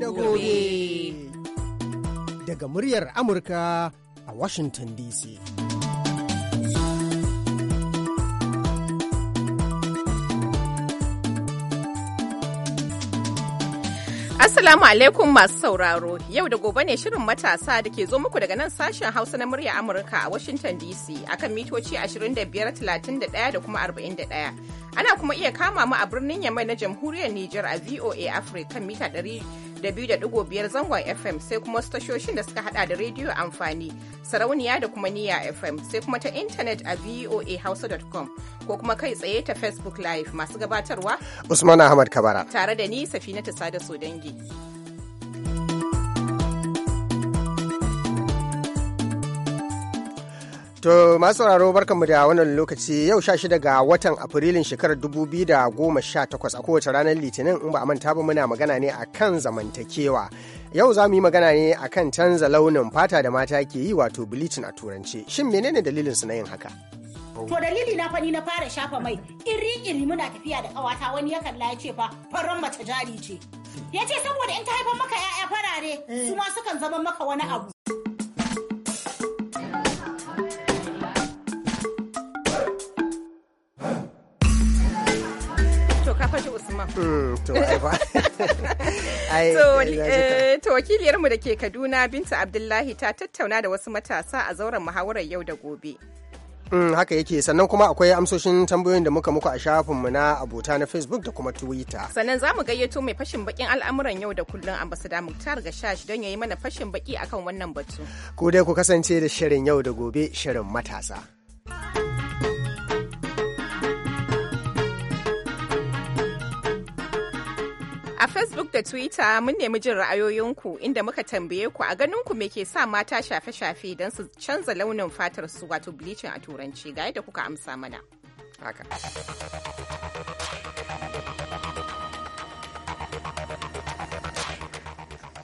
da gobe. Daga muryar Amurka a Washington DC. Assalamu alaikum masu sauraro, yau da gobe ne shirin matasa da ke zo muku daga nan sashen Hausa na murya Amurka a Washington DC akan mitoci 25,31 da kuma 41. Ana kuma iya kama mu a birnin Yamai na jamhuriyar Nijar a VOA Africa kan mita 100. da biyu da digo biyar zangon FM sai kuma wasu tashoshin da suka hada da rediyo amfani sarauniya da kuma niya FM sai kuma ta intanet a voahausa.com ko kuma kai tsaye ta Facebook Live masu gabatarwa Usman Ahmad Kabara tare da ni Safinatu Sada Sodangi. To masu sauraro barkanmu da wannan lokaci yau sha shida ga watan Afrilun shekarar dubu biyu da goma sha takwas a kowace ranar Litinin in ba a manta ba muna magana ne a kan zamantakewa. Yau za mu yi magana ne a kan canza launin fata da mata ke yi wato Bilicin a turance. Shin menene dalilin su na yin haka? To dalili na fani na fara shafa mai iri iri muna tafiya da kawata wani ya kalla ya ce fa farin mace jari ce. Ya ce saboda in ta haifar maka 'ya'ya farare eh. su ma sukan zama maka wani abu. Eh, kashe eh, To wakiliyarmu da ke Kaduna Binta Abdullahi ta tattauna da wasu matasa a zauren muhawarar yau da gobe. Mm, haka yake sannan kuma akwai amsoshin tambayoyin da muka muku a shafinmu na abota na facebook da kuma twitter sannan za mu gayyato mai fashin bakin al'amuran yau da kullum ambasada muktar ga shashi don ya yi mana fashin baki akan wannan batu ku dai ku kasance da shirin yau da gobe shirin matasa Facebook da Twitter mun nemi jin ra'ayoyinku inda muka tambaye ku a ganin ku me ke sa mata shafe-shafe don su canza launin fatar su wato bleaching a turanci ga yadda kuka amsa mana. Haka.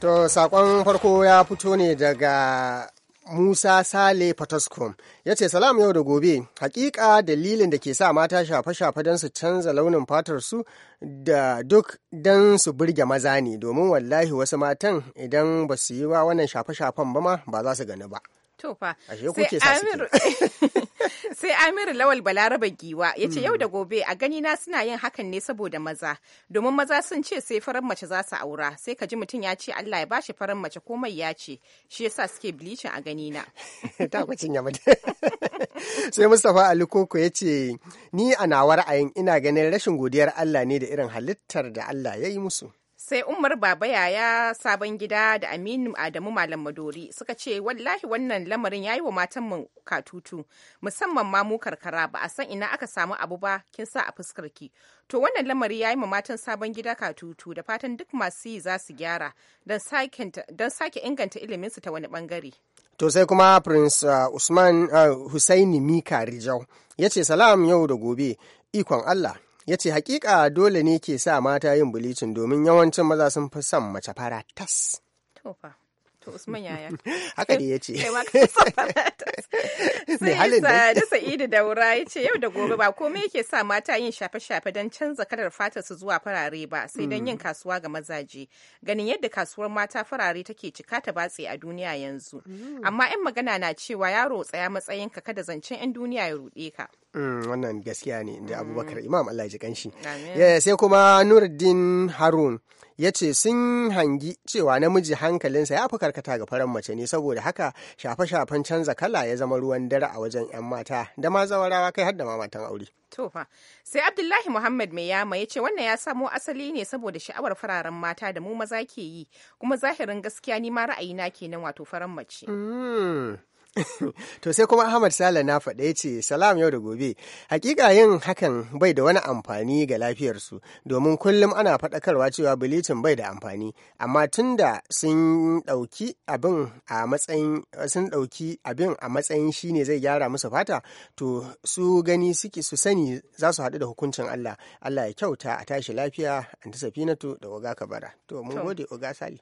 To sakon farko ya fito ne daga Musa Sale Potoskum ya ce salam yau da gobe hakika dalilin da ke sa mata shafe-shafe don su canza launin fatar su da duk don su burge maza ne domin wallahi wasu matan idan ba su yi wa wannan shafe-shafen ba ma ba za su gani ba. To fa. Ashe ce Sai Amiru Lawal Balaraba Giwa ya ce yau da gobe a gani na suna yin hakan ne saboda maza. Domin maza sun ce sai farar mace za su aura sai ka ji mutum ya ce Allah ya bashi farar mace komai ya ce shi yasa suke bilicin a gani na. Ta ku cinye mata. Sai Mustapha Ali Koko ya ce ni a nawar ra'ayin ina ganin rashin godiyar Allah ne da irin halittar da Allah ya yi musu. sai umar baba yaya sabon gida da aminu adamu malam madori suka ce wallahi wannan lamarin yayi wa matanmu katutu musamman ma mu karkara ba a san ina aka samu abu ba kin sa a fuskar ki to wannan lamari yayi ma matan sabon gida katutu da fatan duk masu yi za su gyara don sake inganta ilimin su ta wani bangare To sai kuma Prince uh, Usman uh, Mika Rijau ya ce salam yau da gobe ikon Allah ya ce hakika dole ne ke sa mata yin bilicin domin yawancin maza sun fi son mace fara tas. Usman yaya. Haka ya ce. Sai halin da. da Sa'idu Daura ya ce yau da gobe ba komai yake sa mata yin shafe-shafe don canza kalar fatar su zuwa farare ba sai don yin mm. kasuwa ga mazaje. Ganin yadda kasuwar mata farare take cika ta batse a duniya yanzu. Mm. Amma 'yan magana na cewa yaro tsaya matsayin ka kada zancen 'yan duniya ya ruɗe ka. Mm, wannan gaskiya ne da abubakar mm. imam allah ji kanshi eh, sai kuma nuruddin harun ya ce sun hangi cewa namiji hankalinsa ya fi karkata ga faran mace ne saboda haka shafe-shafen canza kala ya zama ruwan dare a wajen 'yan mata da ma zawarawa kai har da ma matan aure tofa sai Abdullahi Muhammad mai yama ya ce wannan ya samo asali ne saboda sha'awar fararen mata da mu maza ke yi kuma zahirin gaskiya ni ma ra’ayi na kenan wato faran mace. Mm. to sai kuma Ahmad Sale na faɗa ya ce salam yau da gobe hakika yin hakan bai da wani amfani ga lafiyarsu domin kullum ana faɗakarwa cewa bilicin bai da amfani amma tun da sun ɗauki abin a matsayin shi ne zai gyara musu fata to su gani suke su sani za su haɗu da hukuncin Allah Allah ya kyauta a tashi lafiya an safinatu da oga kabara to mun gode oga Sale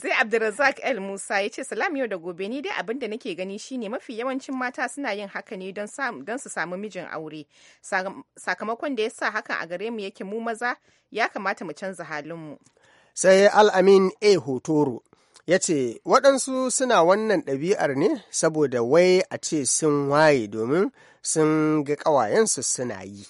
sai abdulrazak el musa ya ce salam yau da gobe ni dai abinda nake gani shine mafi yawancin mata suna yin haka ne don su samu mijin aure sakamakon da ya sa hakan a gare mu yake mu maza ya kamata mu canza halinmu sai al'amin a hotoro ya ce waɗansu suna wannan ɗabi'ar ne saboda wai a ce sun waye domin sun ga ƙawayensu suna yi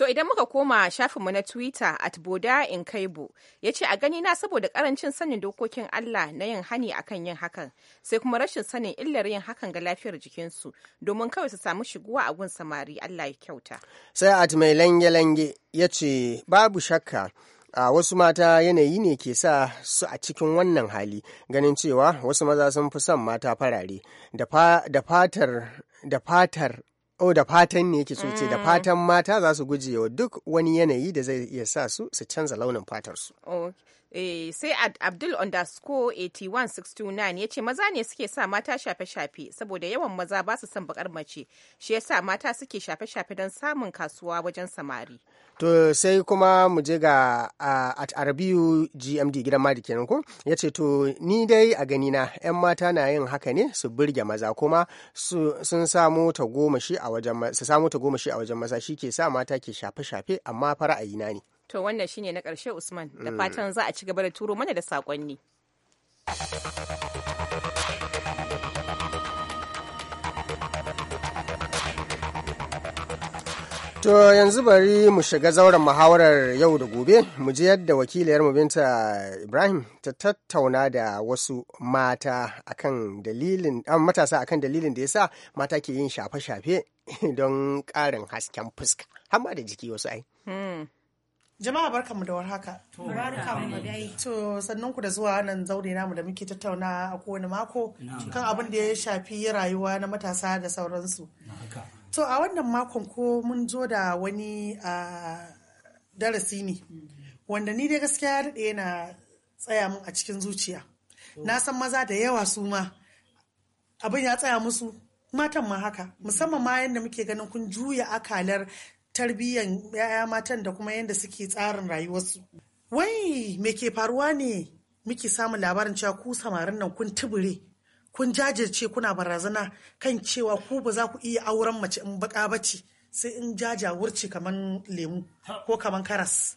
To idan muka koma shafinmu na Twitter at Boda in Kaibo ya ce a gani na saboda karancin sanin dokokin Allah na yin hani akan yin hakan sai kuma rashin sanin illar yin hakan ga lafiyar jikinsu domin kawai su samu shiguwa a gun samari Allah ya kyauta. Sai at mai lange-lange ya ce babu shakka a wasu mata yanayi ne ke sa su a cikin wannan hali ganin cewa wasu maza sun fi son mata farare da fatar da fatar Oh, da fatan ne yake so ce da mm. fatan mata za su guje wa duk wani yanayi da zai iya sa su su canza launin fatarsu su. Oh, Eh, sai Abdul underscore 8169 ya ce maza ne suke sa mata shafe-shafe saboda yawan maza ba su son bakar mace shi yasa mata suke shafe-shafe don samun kasuwa wajen samari. To sai kuma mu je ga at Arabiyu GMD gidan Madi kenan ko ya ce to ni dai a gani na 'yan mata na yin haka ne su burge maza kuma sun samu ta goma shi a wajen maza shi ke sa mata ke shafe-shafe amma fara'ayi na ne. To wannan shine na ƙarshe Usman da mm. fatan za a ci gaba da turo mana da saƙonni. To yanzu bari mu shiga zauren muhawarar yau da gobe mu ji yadda wakiliyar mu binta Ibrahim ta tattauna da wasu mata akan dalilin ah, matasa akan dalilin da yasa mata ke yin shafe-shafe don ƙarin hasken fuska hamma da jiki wasu ai. Hmm. Jama'a barkanmu da warhaka. ya yi. To sannan ku da zuwa nan zaune namu da muke tattauna a kowane mako kan abin da ya shafi rayuwa na matasa da sauransu. To a wannan makon ko mun zo da wani darasi ne wanda ni dai gaskiya daɗe yana tsaya mun a cikin zuciya. Na san maza da yawa su ma abin ya tsaya musu matan ma haka musamman ma yadda muke ganin kun juya akalar tarbiyyan 'ya'ya matan da kuma yadda suke tsarin rayuwarsu wai me ke faruwa ne muke samun labarin cewa ku samarin nan kun tubure kun jajirce kuna barazana kan cewa ku ba za ku iya auren mace in baka bace sai in jaja wurce kamar lemu ko kamar karas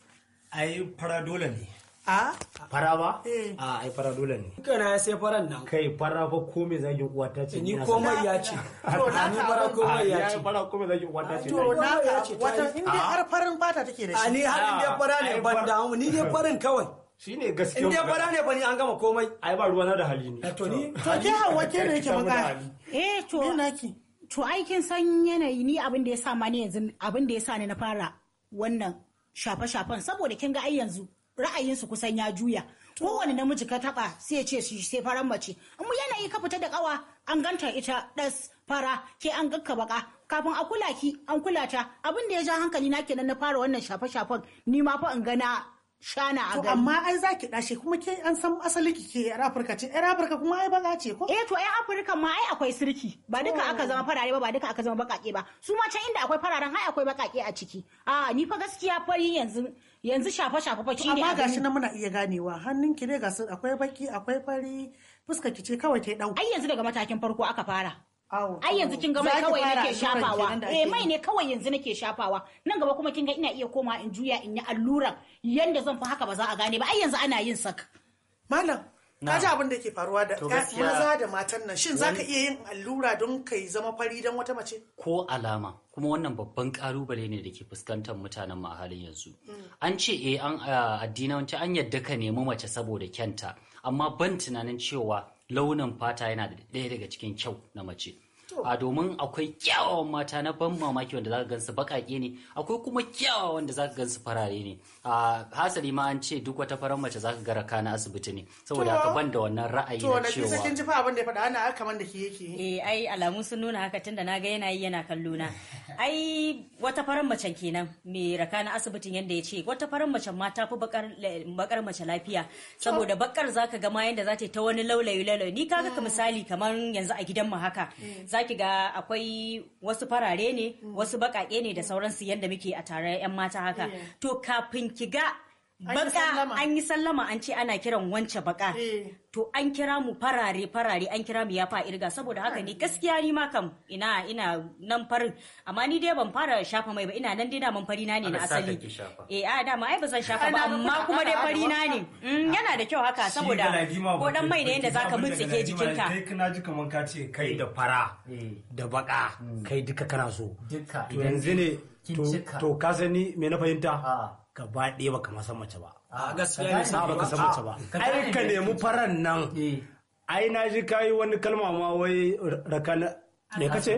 ai fara dole ne a fara ba eh. a ai fara dole ne kana ya sai faran nan kai fara ko me zagin uwa ta ce ni komai ya ce to na ni fara komai ya ce fara komai zagin uwa ta ce to na ya ce wata in dai har farin bata take da shi ni har in dai ah, fara ne ban damu ni dai farin kawai shine gaskiya in dai fara ne bani an gama komai ai ba ruwa na da hali ne eh, to ni to ke hawa ke ne yake maka eh to ni naki to aikin san yanayi ni abin da ya sa ma ni yanzu abin da ya sa ni na fara wannan shafe-shafen saboda kin ga ai yanzu ra'ayinsu kusan ya juya kowane namiji ka taɓa sai ce shi sai faran mace in yanayi ka fita da ƙawa an ganta ita ɗas fara ke an gakka baka kafin a kula ki an kula ta abin da ya ja hankali na kenan na fara wannan shafe shafen ni ma fa in gana shana a gani. amma ai za ki ɗashe kuma ke an san asali ki ke yar Afirka ce yar Afirka kuma ai baka ce ko? Eh to yar Afirka ma ai akwai sirki ba duka oh. aka zama farare ba ba duka aka zama baƙaƙe ba su ma can inda akwai fararen ai akwai baƙaƙe a ciki. A ni fa gaskiya fari yanzu yanzu shafa shafa fa shine amma gashi nan muna iya ganewa hannun ki ne ga akwai baki akwai fari fuska ki ce kawai ta dauki ai yanzu daga matakin farko aka fara ai yanzu kin ga mai kawai nake shafawa eh mai ne kawai yanzu nake shafawa nan gaba kuma kin ga ina iya koma in juya in yi alluran yanda zan fi haka ba za a gane ba ai yanzu ana yin sak malam ka ji abin da ke faruwa da maza da matan nan shin zaka iya yin allura don kai zama fari don wata mace ko alama kuma wannan babban ƙalubale ne da ke fuskantar mutanen mu a halin yanzu mm. an ce eh an addinanci an yadda ka nemi mace saboda kyanta amma ban tunanin cewa launin fata yana da ɗaya daga cikin kyau na mace a domin akwai kyawawan mata na ban mamaki wanda zaka gansu bakake ne akwai kuma kyawawan wanda zaka gansu farare ne a hasali ma an ce duk wata farar mace zaka ga raka asibiti ne saboda haka ban da wannan ra'ayi na cewa to na kin ji fa abin da ya faɗa ana kaman da ke yake eh ai alamu sun nuna haka tunda naga yana yi yana kallo na ai wata farar mace kenan me raka na asibitin yanda ya ce wata farar mace ma ta fi bakar mace lafiya saboda bakar zaka ga ma yanda za ta ta wani laulayi laulayi ni kaga ka misali kamar yanzu a gidan mu haka eh. zaki ki akwai wasu farare ne mm. wasu baƙaƙe ne da sauransu yadda muke a tare 'yan mata haka to kafin ki ga baka an yi sallama an ce ana kiran wance baka eh. to an kira mu farare farare an kira mu ya fa irga saboda haka ne gaskiya ni ma kam ina ina nan farin amma ni dai ban fara shafa mai ba ina nan dai da man fari na ne na asali eh a da ma ai ba shafa ba amma kuma dai fari na ne mm, yana da kyau haka saboda ko dan mai ne yanda zaka mutsike jikinka kai kana ji kaman ka ce kai da fara eh. da baka mm. kai duka kana so yanzu ne to ka sani me na fahimta ah. gaba ɗaya baka ma san mace ba. A gaskiya ne sa baka san mace ba. Ai ka nemi faran nan. Eh. Ai na ji kayi wani kalma ma wai rakana. Me kace?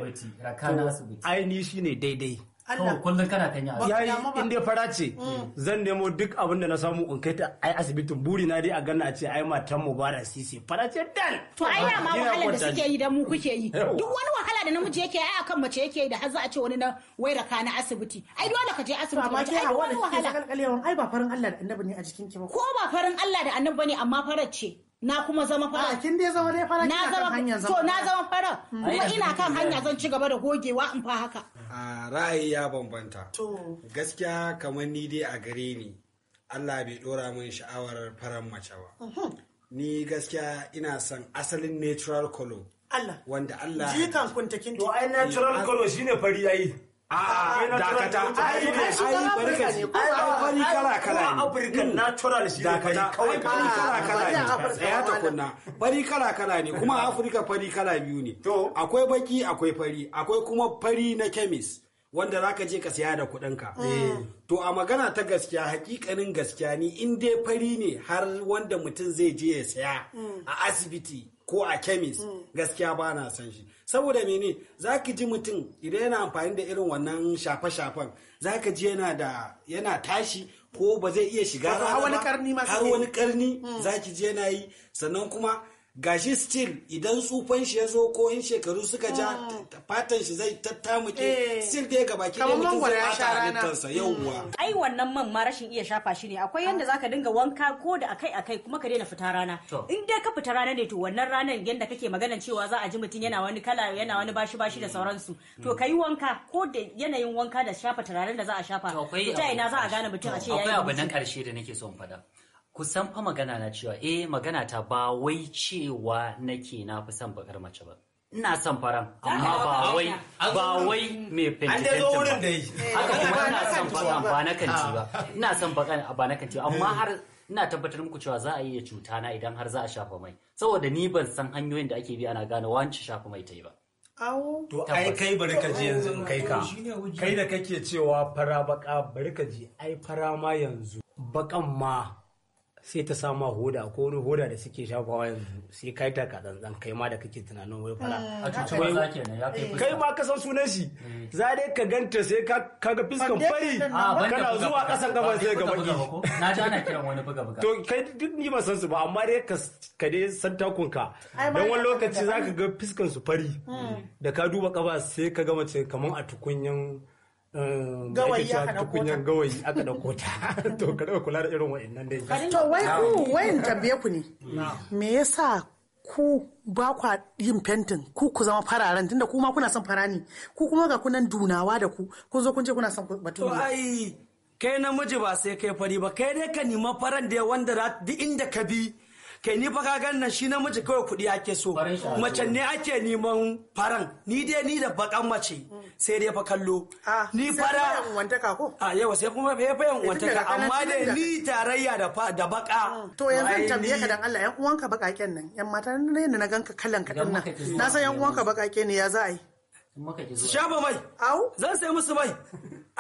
Rakana asibiti. Ai ni shine daidai. Allah kullum kana ya yi in dai fara ce mm. Mm. zan nemo duk abin da na samu in kai ta ai asibitin buri na dai a ganna a ce ai matan mubarak sisi fara ce dal to ai ya ma wahalar da suke yi da mu kuke yi duk wani wahala da namiji yake ai akan mace yake yi da har za a ce wani na waira ka na asibiti ai dole ka je asibiti mace ai wani wahala ai ba farin Allah da annabi ne a jikin ki ba ko ba farin Allah da annabi ne amma farar ce na kuma zama fara. Ah, kin dai zama dai fara na zama hanya zama. To na zama fara hmm. kuma ina kan eh. hanya zan ci gaba da gogewa in fa haka. A ah, ra'ayi ya bambanta. To gaskiya kamar ni dai a gare ni Allah bai dora min sha'awar faran mace ba. Mhm. Ni gaskiya ina son asalin natural color. Allah. Wanda Allah. Jikan kuntakin. To ai natural eh, color shine fari yayi. a dakata bari kala kala ne natural fari kala kala ne fari kala kala ne kuma ah. afirka fari kala biyu ne akwai baki akwai fari akwai kuma fari na kemis, wanda zaka je ka siya da kuɗinka. Hmm. Eh. To a magana ta gaskiya hakikanin gaskiya ni in dai fari ne har wanda mutum zai je ya saya hmm. a asibiti ko a kemis mm. gaskiya ba na san shi saboda mene za ka ji mutum idan yana amfani da irin wannan shafe-shafen za ka ji yana da yana tashi ko ba zai iya shiga har wani karni har wani karni mm. za ki ji yana yi sannan kuma gashi still idan tsufan shi ya zo ko in shekaru suka ja ah. fatan shi zai tattamuke eh. still dai ga baki ɗaya mutum zai ɓata halittarsa yauwa. Mm. ai wannan man ma rashin iya shafa shi ne akwai yanda ah. zaka dinga wanka ko da akai akai kuma ka daina fita rana in dai ka fita rana ne to wannan ranar yanda kake magana cewa za a ji mutum yana wani kala yana wani bashi bashi da mm. sauransu mm. to ka wanka ko da yanayin wanka da shafa turaren da za a shafa ta ina za a gane mutum a ce ya yi abu nan karshe da nake son faɗa kusan fa magana na cewa eh magana ta ba wai cewa nake na fi son bakar mace ba ina son faran amma ba ah, wai ba wai mai fentikentin ba haka kuma ina son faran ah. ba na kanti ba ina son baka ba na kanti amma hmm. har ina tabbatar muku cewa za a iya cuta na idan har za a shafa mai saboda ni ban san hanyoyin da ake bi ana gane wance shafa mai ta yi ba To ai kai bari ka ji yanzu kai ka kai da kake cewa fara baka bari ka ji ai fara ma yanzu bakan ma sai ta sama hoda ko wani hoda da suke shafawa yanzu sai kai ta ka zanzan kai ma da kake tunanin wai fara eh, kai eh. kai ma ka san sunan shi eh. za dai ka ganta sai ka kaga fiskan fari ah, kana zuwa kasan gaban sai ga baki na ji ana kiran wani buga buga to kai duk ni ba san su ba amma dai ka ka dai san takun ka dan wani lokaci zaka ga fiskan su fari hmm. da ka duba kafa sai ka ga mace kaman a tukunyan Ehm, gawayi aka dauko tukunyan gawayi aka dauko ta to ka rika kula da irin wa'annan dai to wai ku wayan tambaye ku ne me yasa ku ba kwa yin fentin ku ku zama fararen tunda ku ma kuna son fara ku kuma ga kunan dunawa da ku kun zo kun ce kuna son batun to ai kai namiji ba sai kai fari ba kai dai ka nima faran da wanda duk inda ka bi kai ni fa ka gan nan shi namiji kawai kuɗi ake so mace ne ake neman faran ni dai ni da bakan mace sai dai fa kallo ah, ni fara ko a ah, yawa sai kuma fa fa eh, wantaka amma dai ni tarayya da da baka mm. to yanzu tambaye ka dan Allah yan uwanka bakaken nan yan mata ne na ganka kallon ka din nan na san yan uwanka bakake ne ya za a yi su shafa mai au zan sai musu mai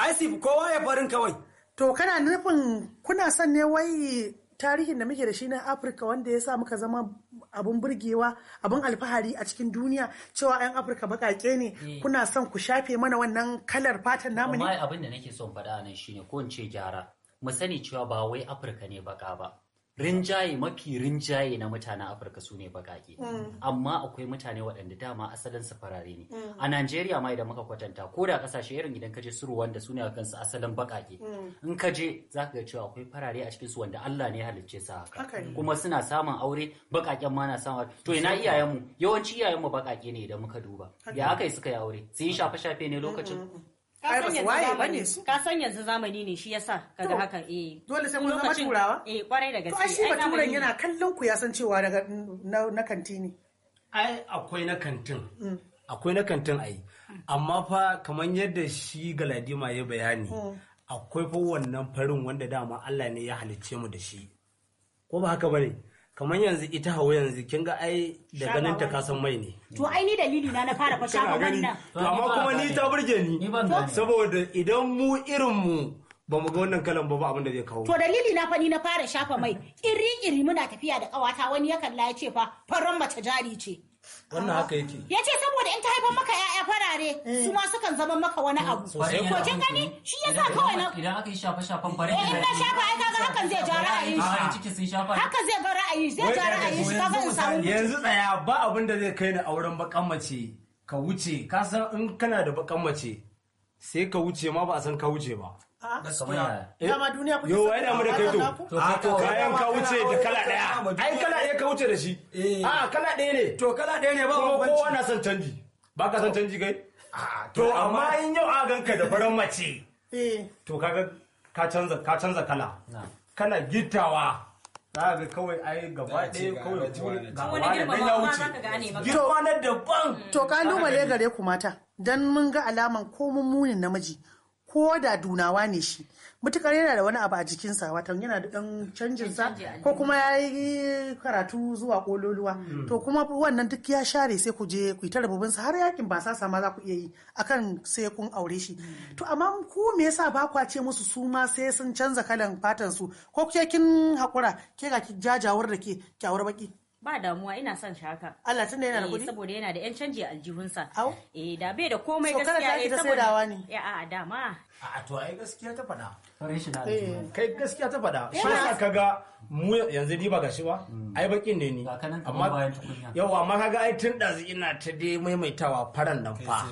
ai kowa ya farin kawai to kana nufin kuna son ne wai tarihin da muke da shi na afirka wanda ya sa muka zama abun burgewa abin alfahari a cikin duniya cewa 'yan afirka bakake ne eh. kuna son ku shafe mana wannan kalar fatan namu ne amma abin da nake son faɗa nan shine ko in ce gyara mu sani cewa ba wai afirka ne baka ba rinjaye mafi rinjaye na mutanen afirka su ne bakake hmm. amma akwai mutane waɗanda dama asalin su farare ne hmm. a najeriya ma idan muka kwatanta ko da kasashe irin idan ka je su wanda su ne a kansu asalin bakake hmm. in ka je za ka ga cewa akwai farare a cikin wanda allah ne halicce su haka kuma suna samun aure bakaken ma na samun to ina iyayenmu yawanci iyayenmu bakake ne idan muka duba ya aka yi suka yi aure sun yi shafe-shafe ne lokacin ai ba su waye ba ne su ka san yanzu zamani ne shi yasa kaga haka eh dole sai mun zama turawa eh kwarai da gaske to shi baturen yana kallon ku ya san cewa daga na kanti ne ai akwai na kantin mm. akwai na kantin ai amma fa kamar yadda shi galadima ya bayani mm. akwai fa wannan farin wanda dama Allah ne ya halicce mu da shi ko ba haka bane kamar yanzu ita hawa yanzu kin ga ai da ganin ta kasan mai ne to ai ni dalili na na fara fa shafa wannan amma kuma ni ta burge ni saboda idan mu irin mu ba mu ga wannan kalan ba abin da zai kawo to dalili na fa ni na fara shafa mai iri iri muna tafiya da kawata wani ya kalla ya ce fa faran mace jari ce wannan haka yake ya ce saboda in ta haifar maka ya'ya farare eh. su ma sukan zama maka wani mm, abu ko kin gani shi yasa kawai na idan aka yi shafa shafan bare eh, in na shafa ai kaga hakan zai ja ra'ayin shi haka zai ga ra'ayi zai ja ra'ayin shi kaga in samu yanzu tsaya ba abin da zai kai ni auren bakan mace ka wuce ka san in kana da bakan mace sai ka wuce ma ba a san ka wuce ba kamar ya eh? dama duniya kuke yo wai da mu kai to a to kayan ka wuce da kala daya ai kala daya ka wuce da shi eh. a ah, kala daya ne to kala daya ne ba bambanci kowa na son canji ba ka son canji kai ah, to amma in yau a ganka da farin mace eh. to kaga ka canza ka canza kala kana gittawa za ga kawai ai gaba ɗaya kawai gaba da ya wuce girma na daban to ka kalubale gare ku mata dan mun ga alaman ko mummunin namiji ko da dunawa ne shi mutukar yana da wani abu a jikinsa watan yana da ɗan sa ko kuma ya yi karatu zuwa ƙololuwa hmm. to kuma wannan duk ya share sai ku je ku yi ta babansa har yakin ba sasa ma za ku iya yi akan sai kun aure shi hmm. to amma ku me yasa ba kwa ce musu su ma sai sun canza kalan fatan su ko ke kin haƙura ke ga ki jajawar da ke kyawar baki ba damuwa ina son shi haka Allah tunda yana da eh, kuɗi saboda yana da yan canji a aljihunsa eh da bai da komai gaskiya eh saboda ne eh a dama a to ai gaskiya ta faɗa eh. kai gaskiya ta faɗa eh, shi yasa kaga mu yanzu ni ba gashi ba hmm. ai bakin ne ni amma yawa amma kaga ai tun da ina ta dai maimaitawa faran nan fa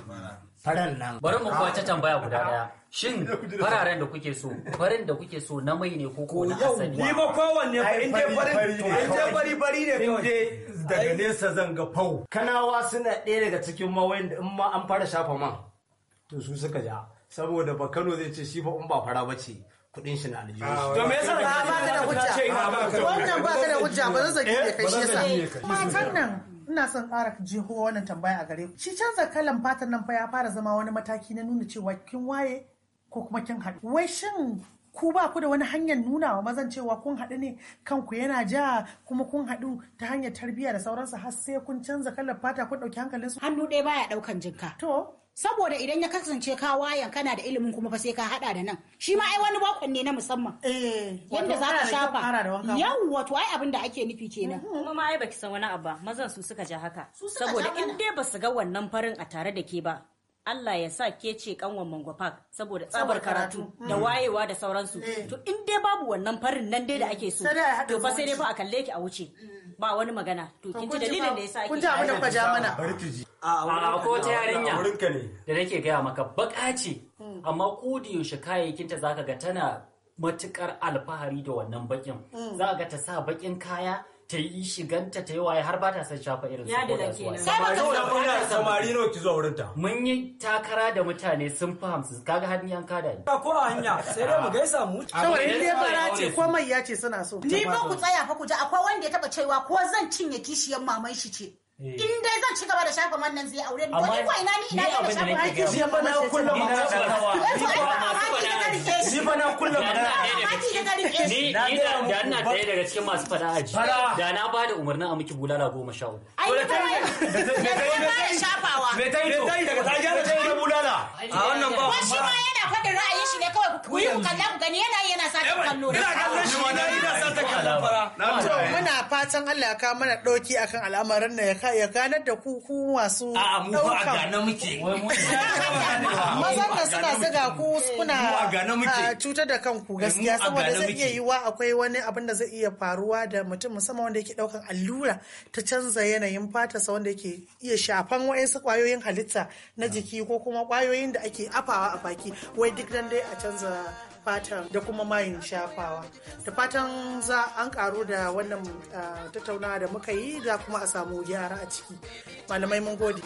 faran nan bari mu kuwa ta tambaya guda daya Shin fararen da kuke so, farin da kuke so na mai ne ko ko na asali Ni ba kowanne ba in dai farin in dai bari bari ne kawai. In daga nesa zan ga fau. Kanawa suna ɗaya daga cikin mawayin da in ma an fara shafa man to su suka ja. Saboda ba Kano zai ce shi ba in ba fara ba ce. kudin shi na aljihu. Ah, to me yasa ba ba da hujja? Wannan ba da hujja ba zan zage eh, kai shi yasa. Matan nan ina son ƙara jeho wannan tambaya a gare ku. Shi canza kalan fatan nan fa ya fara zama wani mataki na nuna cewa kin waye ko kuma kin haɗu wai shin ku ba ku da wani hanyar nuna wa mazan cewa kun haɗu ne kanku yana ja kuma kun haɗu ta hanyar tarbiyya da sauransu har sai kun canza kalar fata kun ɗauki su. Hannu ɗaya baya ɗaukan jinka. To. Saboda idan ya kasance ka wayan kana da ilimin kuma fa sai ka haɗa da nan. Shi ma ai wani bakon ne na musamman. Eh. Yanda za ka shafa. Yau wato ai abin da ake nufi kenan. Mhm. Kuma ma ai baki san wani abu mazan su suka ja haka. Saboda in dai ba su ga wannan farin a tare da ke ba Allah ya sa ke ce kanwan Mango Park saboda tsabar karatu da mm. wayewa da sauransu. Eh. To in dai babu wannan farin nan dai da ake so. To fa sai dai fa a kalle ki a wuce. Mm. Ba wani magana. To kin ji dalilin da yasa ake. Kun ji abin da kuka mana. Bari ki ji. A ko ta yarinya. Da nake gaya maka baka ce. Mm. Amma ko da yaushe ta zaka ga tana matukar alfahari da wannan bakin. Za ga ta sa bakin kaya ta yi shiganta ta yi waye har ba ta san shafa irin su ko da sai ba ta samari nawa ki wurin ta mun yi takara da mutane sun fi hamsin kaga har ni an kada ni ko a hanya sai dai mu gaisa mu saboda in dai fara ce ko mai ya ce suna so ni ba ku tsaya fa ku ji akwai wanda ya taba cewa ko zan cinye kishiyar maman shi ce Eh. in dai zan ci gaba da shafa wannan zai aure ni ko ni ko ina ni ina da shafa haki shi fa na kullum magana shi fa na kullum magana ni da ina daya daga cikin masu fada aji da na ba da umarnin a miki bulala goma sha uku ai da kai da kai shafawa me tai to daga ta ga ta ga bulala a wannan ba ko shi ma yana faɗin ra'ayin shi ne kawai ku yi ku kalla ku gani yana yana sa ta kallo ina kallon shi ma ina sa ta kallo muna fatan Allah ya kawo mana dauki akan al'amarin nan ya ya ganar da ku ku masu a mu a gane muke da suna siga ku kuna cutar da kanku eh, gaskiya saboda zai iya yiwa akwai wani abin da zai iya faruwa da mutum musamman wanda yake daukan allura ta canza yanayin fatarsa wanda yake iya shafan wa'insu kwayoyin halitta na jiki ko kuma kwayoyin da ake afawa a baki wai duk nan dai a canza fatan da kuma mayin shafawa da fatan za an karu da wannan ah, tattaunawa da muka yi za kuma a samu gyara a ciki malamai mun gode.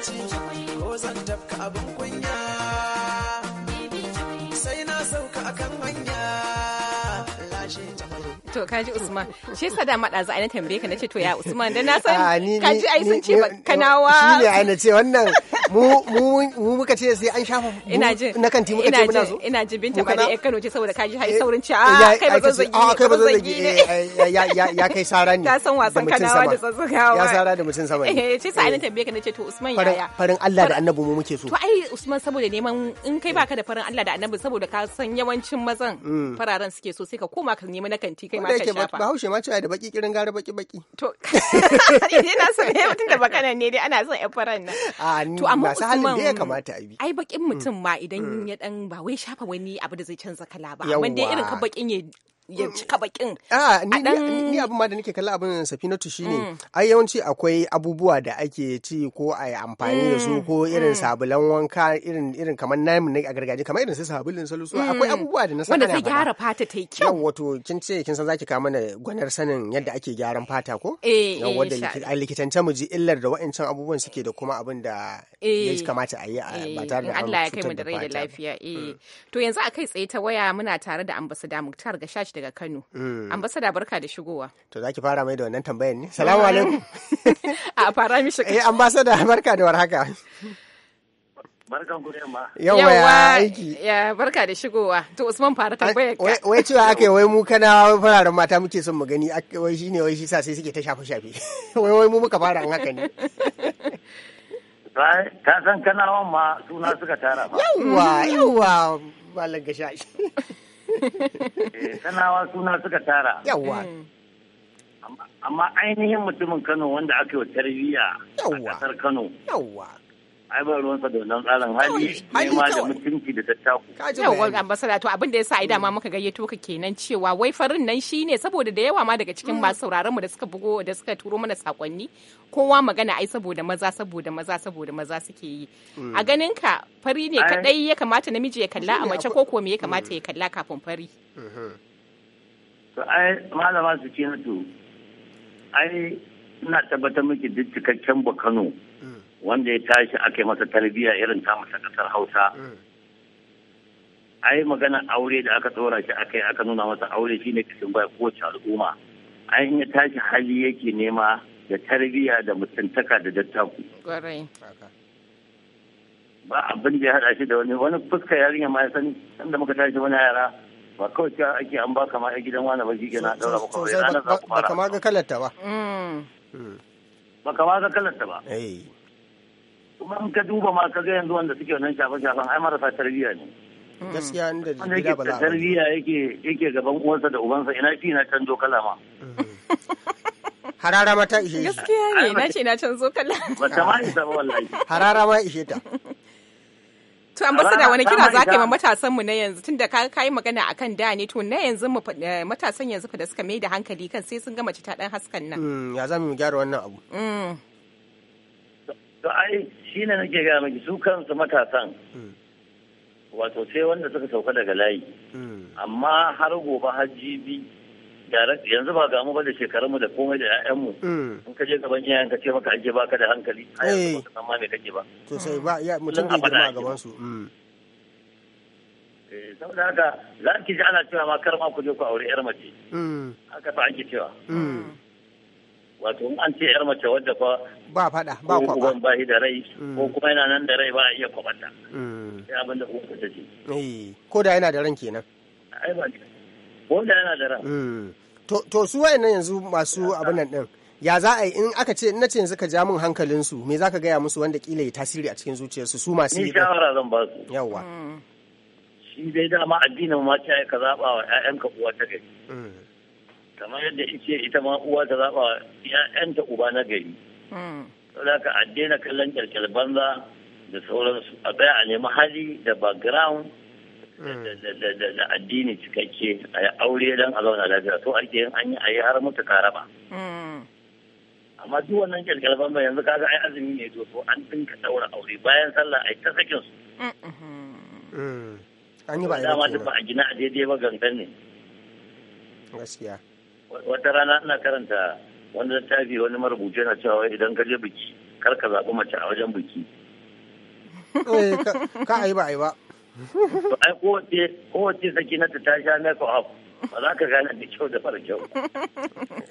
ko zan tafka abin kunya sai na sauka akan hanya lashe To kaji Usman, shi yasa da maɗa za a tambaye ka nace to ya Usman da na san kaji ai sun ce kanawa. Shi ne na ce wannan mu muka ce sai an shafa ina ji na kan muka ce muna zo? ina ji binta ba da Kano ce saboda kaji har eh, saurin ci eh, ah, a kai bazan zagi kai bazan zagi ya ya ya kai sara ne ta san wasan kanawa da tsatsugawa ya sara da mutun sama ne eh, ce sai an tambaye ka nace to Usman yaya farin Allah da Annabi mu muke so to ai Usman saboda neman in kai baka da farin Allah da Annabi saboda ka san yawancin mazan mm. fararen suke so sai ka koma ka nemi na ti kai ma ka shafa haushe ma ce da baki kirin gara baki baki to ina so ne mutun da bakanan ne dai ana son yan faran nan ah, to masu halin da ya kamata a bi ai bakin mm. mutum ma idan mm. ya dan ba wai shafa wani abu da zai canza kala ba amma dai irin ka bakin ya ya mm. cika bakin ah, a ni abin ma da nake kalla abin safinatu shine mm. ai yawanci akwai abubuwa da ake ci ko a yi amfani da su mm. ko irin sabulan wanka irin irin kamar namu ne a gargaje kamar irin su sabulin salusu akwai abubuwa da na san wanda zai gyara fata ta yi kyau wato kin ce kin san zaki kawo mana gwanar sanin yadda ake gyaran fata ko eh, eh wanda a likitance mu ji illar da wa'ancan abubuwan suke da kuma abin da eh. ya kamata a yi eh, ba tare da Allah ya kai mu da rai da lafiya eh to yanzu a kai tsaye ta waya muna tare da ambassador Muktar Gashash daga Kano. Eh. Ambasada barka da shigowa. To za ki fara mai da wannan tambayar ne. Salamu eh. alaikum. A fara mishi. Eh ambasada barka da warhaka. Barkan ku yamma. Yawwa ya aiki. Ya barka da shigowa. To Usman fara tambayar ka. Wai cewa aka wai mu kana fararen mata muke son mu gani wai shine wai shi sa sai suke ta shafe shafe. Wai wai mu muka fara an haka ne. Ka san kanawan ma suna suka tara ba. Yawwa yawwa ba lagashashi. Eh, kanawa suna suka tara yawa amma ainihin mutumin kano wanda ake wa tarbiyya a kasar kano yawa ai ba ruwansa da wannan tsarin hali nema da mutunci da tattaku. Yawwa ambasada to abin da ya sa ai dama muka gayyato ka kenan cewa wai farin nan shine saboda da yawa ma daga cikin hmm. masu sauraron mu da suka bugo da suka turo mana sakonni kowa magana ai saboda maza saboda maza saboda maza suke yi. Hmm. A ganin ka fari ne kadai ya kamata namiji ya kalla a mace ko ko me ya hmm. kamata ya kalla kafin fari. To ai malama su ce to ai ina tabbatar miki duk cikakken Kano. wanda ya tashi aka yi masa tarbiyya irin ta masa kasar hausa ai magana aure da aka tsora shi aka yi aka nuna masa aure shine kashin baya kowace al'umma ai in ya tashi hali yake nema da tarbiyya da mutuntaka da dattaku ba abin da ya haɗa shi da wani wani fuska yarinya ma ya san sanda muka tashi wani yara ba kawai cewa ake an ba kama a gidan wani ba shi gina na ɗaura ba kawai ranar za ku fara ba kama ga kalarta ba mm. ba kama ga kalarta ba eh. kuma in ka duba ma ka ga yanzu wanda suke wannan shafe-shafen ai marasa tarbiyya ne gaskiya inda da gida bala wanda tarbiyya yake yake gaban uwansa da ubansa ina ci na canzo ma. harara ma ta ishe ta gaskiya ne na ce na canzo kala. ba ta ma isa ba wallahi harara ma ishe ta to da wani kira za ka yi matasan mu na yanzu tunda ka kai magana akan da ne to na yanzu eh, matasan yanzu fa da suka mai da hankali kan sai sun ga mace ta dan haskan nan hmm, ya za mu gyara wannan abu hmm. to ai shi ne nake gaya miki su kansu matasan hmm. wato sai wanda suka sauka daga layi hmm. amma har gobe har jibi yanzu ba gamu ba da shekarunmu da komai da 'ya'yanmu hmm. in ka je gaban iyayen ka ce maka ake baka da hankali a yanzu ba eh. ka me kake ba to sai ba ya mutum bai girma a gaban su eh, saboda haka za ki ji ana cewa ma karma ma ku je ku aure yar mace haka ba ake cewa wato in an ce yar mace wadda fa ba fada ba kwaba ko ba da rai mm. ko kuma yana nan da rai ba a iya kwabata mm. sai abin da uwarsa ta ce eh, ko da yana da ran kenan ai ba ko da yana da ran mm. to su wayannan yanzu masu abin nan din ya za a yi in aka ce na ce yanzu ka ja min hankalin su me zaka gaya musu wanda kila ya tasiri a cikin zuciyarsu su masu yi shawara zan ba su yawa shi dai dama addinin ma ta ka zaba wa ƴaƴanka uwa ta gari kamar yadda ce ita ma uwa ta zaɓa ‘ya'yanta uba na gari. Hmm. Saboda ka a daina kallon kyalkyal banza da sauransu a tsaya a nemi hali da background da addini cikakke a yi aure don a zauna lafiya so ake yin an yi a yi har mutu karaba. Hmm. Amma duk wannan kyalkyal banza yanzu kaga ai azumi ne to an dinka ɗaura aure bayan sallah a yi ta sakin su. Mm-hmm. Mm. An yi ba a gina a daidai ba gangan ne. Gaskiya. wata rana ana karanta wani littafi wani marubuci na cewa idan ka je biki kar ka zaɓi mace a wajen biki. Eh, ka a yi ba a yi ba. Ai kowace kowace saki na ta sha make up ba za ka gane da kyau da fara kyau.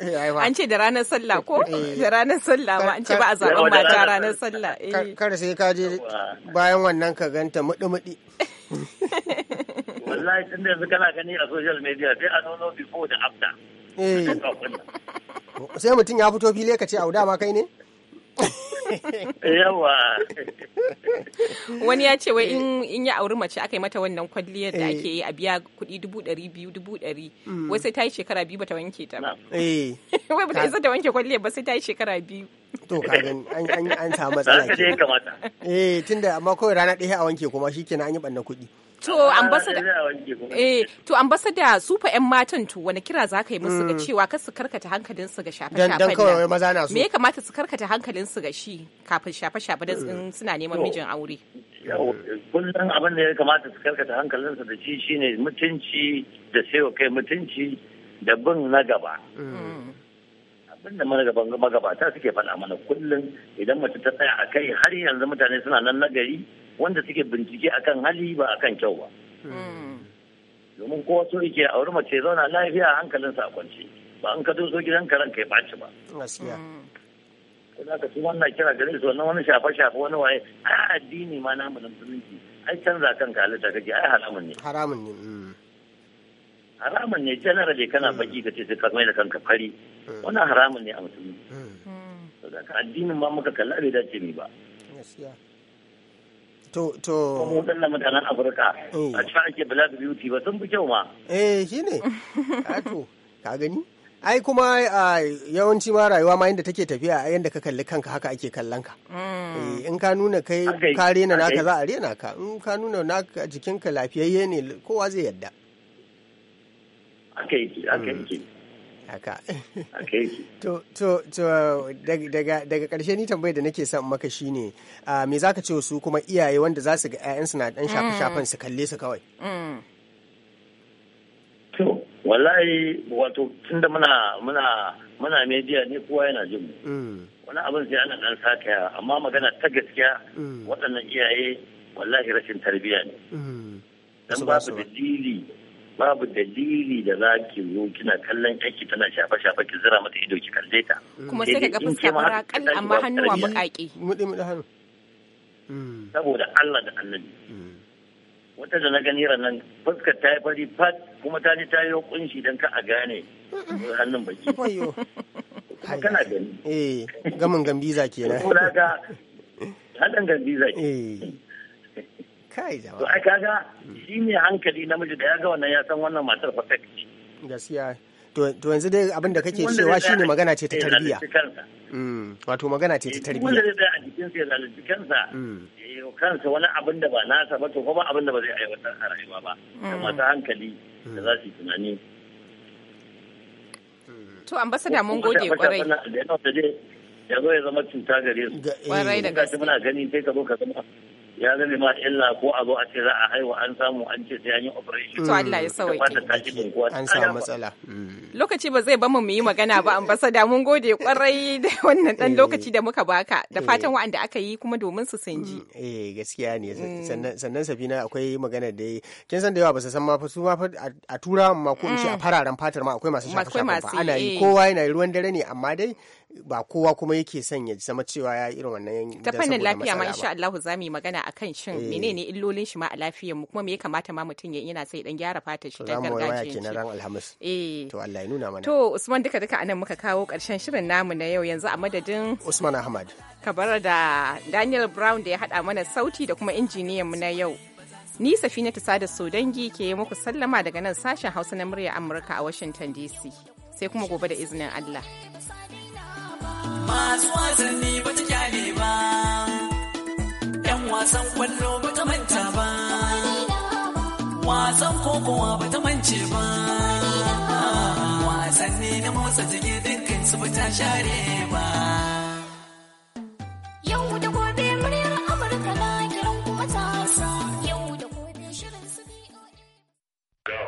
Eh, an ce da ranar sallah ko? Eh. Da ranar sallah ma an ce ba a zaɓen mata ranar sallah. Kar sai ka je bayan wannan ka ganta muɗi-muɗi. Wallahi tun da yanzu kana gani a social media sai a nono before da after. Eh. sai mutum ya fito fili ka ce au dama kai ne eh, yawa wani ya ce wai in ya auri mace aka yi mata wannan kwalliyar da eh. ake yi a biya kuɗi dubu dari biyu dubu dari mm. wai sai ta yi shekara biyu bata wanke ta ba wai bata isa ta wanke kwalliyar ba sai ta yi shekara biyu to kagan an samu matsala ke eh tunda amma kawai rana ɗaya a wanke kuma shikenan an yi ɓanna kuɗi To ambasada eh to ambasada su fa matan to wani kira za ka yi musu ga mm. cewa kar su karkata hankalin su ga shafe shafa dan kawai maza na su me ya kamata su karkata hankalin su ga shi kafin shafe shafe da mm. suna neman mijin aure kullum abin da ya kamata su karkata hankalin su da shi shine mutunci da sayo kai mutunci da bin na gaba mm. abin da mana magabata suke faɗa mana kullum idan mace ta tsaya a kai har yanzu mutane suna nan nagari wanda suke bincike akan hali ba akan kyau ba domin kowa so yake a wuri mace zauna lafiya hankalinsa a kwance ba an ka so gidan ka kai ya ɓaci ba kuna ka su wannan kira gare su wannan wani shafa shafa wani waye a addini ma na mu musulunci ai canza kan ka halitta kake ai haramun ne haramun ne mm. haramun ne generally kana mm. baki ka ce sai ka mai da kanka fari mm. wannan haramun ne a musulunci saboda addinin ma muka kalla bai dace ni ba To to. Kuma waɗannan mutanen Afirka oh. a cikin ake black beauty ba sun fi kyau ma. Eh shine. Ato ah, ka gani? Ai kuma yawanci ma rayuwa ma yadda take tafiya a yadda ka kalli kanka haka ake kallon ka. Mm. Eh, in ka nuna kai ka rena naka za a rena ka in ka nuna naka jikinka lafiyayye ne kowa zai yadda. Aka yi aka yi haka to to daga daga karshe ni tambayar da nake son maka shine me za ka ce su kuma iyaye wanda za su ga 'ya'yansu na dan shafe-shafen su kalle su kawai mm. to wallahi wato tunda muna muna muna media ne kowa yana jin mu mm. wani abin sai ana dan saka amma magana ta gaskiya mm. waɗannan iyaye wallahi rashin tarbiyya ne dan ba su dalili babu dalili da za ki zo kina kallon aiki tana shafa shafa ki zira mata ido ki kalle ta kuma sai daga fuska fara kan amma hannuwa bakaki mudi mudi hannu hmm. saboda Allah da ne. Hmm. wata da na gani nan fuskar ta yi fari fat kuma ta ji ta yi kunshi don ka a gane hannun baki kuma kana gani eh gamin gambiza kenan ko da ga hadan gambiza kenan eh. kai jama'a to ai kaga shi ne hankali namiji da ya ga wannan ya san wannan matar fa fake gaskiya to yanzu dai abin da kake cewa shine magana ce ta tarbiya mm, wato magana ce ta tarbiya wanda zai a jikin sa zalunci kansa mm. kansa wani abin da ba nasa ba to kuma abin da ba zai aiwatar a rayuwa ba da ta mm. hankali da za su yi tunani to ambasada mun gode kwarai ya zo ya zama cuta gare su eh. kwarai da gaske muna gani sai ka zo ka zama ya zame ma illa ko a zo a ce za a haihu an samu an ce sai an yi operation to Allah ya sauke an samu matsala mm. lokaci ba zai bamu mu yi magana ba ambasada mun gode kwarai da wannan dan eh. lokaci da muka baka da eh. fatan wa'anda aka yi kuma domin su san ji mm. eh gaskiya ne mm. sannan safina akwai magana da kin san da yawa ba su san ma su ma a tura ma ko in ce a fararen fatar ma akwai masu shafa shafa ana yi kowa yana ruwan dare ne amma dai ba kowa kuma yake son ya zama cewa ya irin wannan ta fannin lafiya ma insha Allah za mu yi magana akan shin eh. menene illolin shi ma a lafiyar mu kuma me ya kamata ma mutum ya yana sai dan gyara fata shi ta gargajiya ran alhamis eh to Allah ya nuna mana to Usman duka duka anan muka kawo karshen shirin namu na yau yanzu a madadin Usman Ahmad kabar da Daniel Brown da ya hada mana sauti da kuma injiniyan mu na yau Ni Safina ta Sada Sodangi ke yi muku sallama daga nan sashen Hausa na murya Amurka a Washington DC. Sai kuma gobe da izinin Allah. masu wasanni ba ta kyale ba yan wasan kwallo ba ta manta ba wasan kokowa ba ta mance ba wasanni na motsa jiki dukkan su ba ta share ba yau da gobe muryar amurka na